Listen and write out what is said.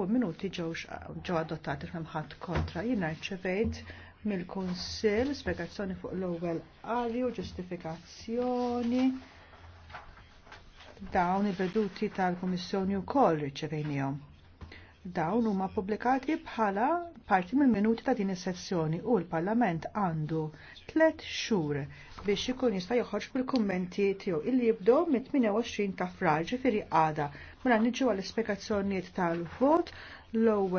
u minuti ġew adottati fl-imħat kontra jina rċevejt mill-Kunsill spiegazzjoni fuq l-ewwel qari u ġustifikazzjoni dawn il-veduti tal-Kummissjoni wkoll riċevejnihom. Dawn huma pubblikati bħala parti mill-minuti ta' din is sessjoni u l-Parlament għandu tliet xhur biex ikun jista' joħorġ bil-kummenti tiegħu illi jibdew mit-28 ta' frar ġifieri għada. Mela niġu għall-ispjegazzjonijiet tal-vot l-ewwel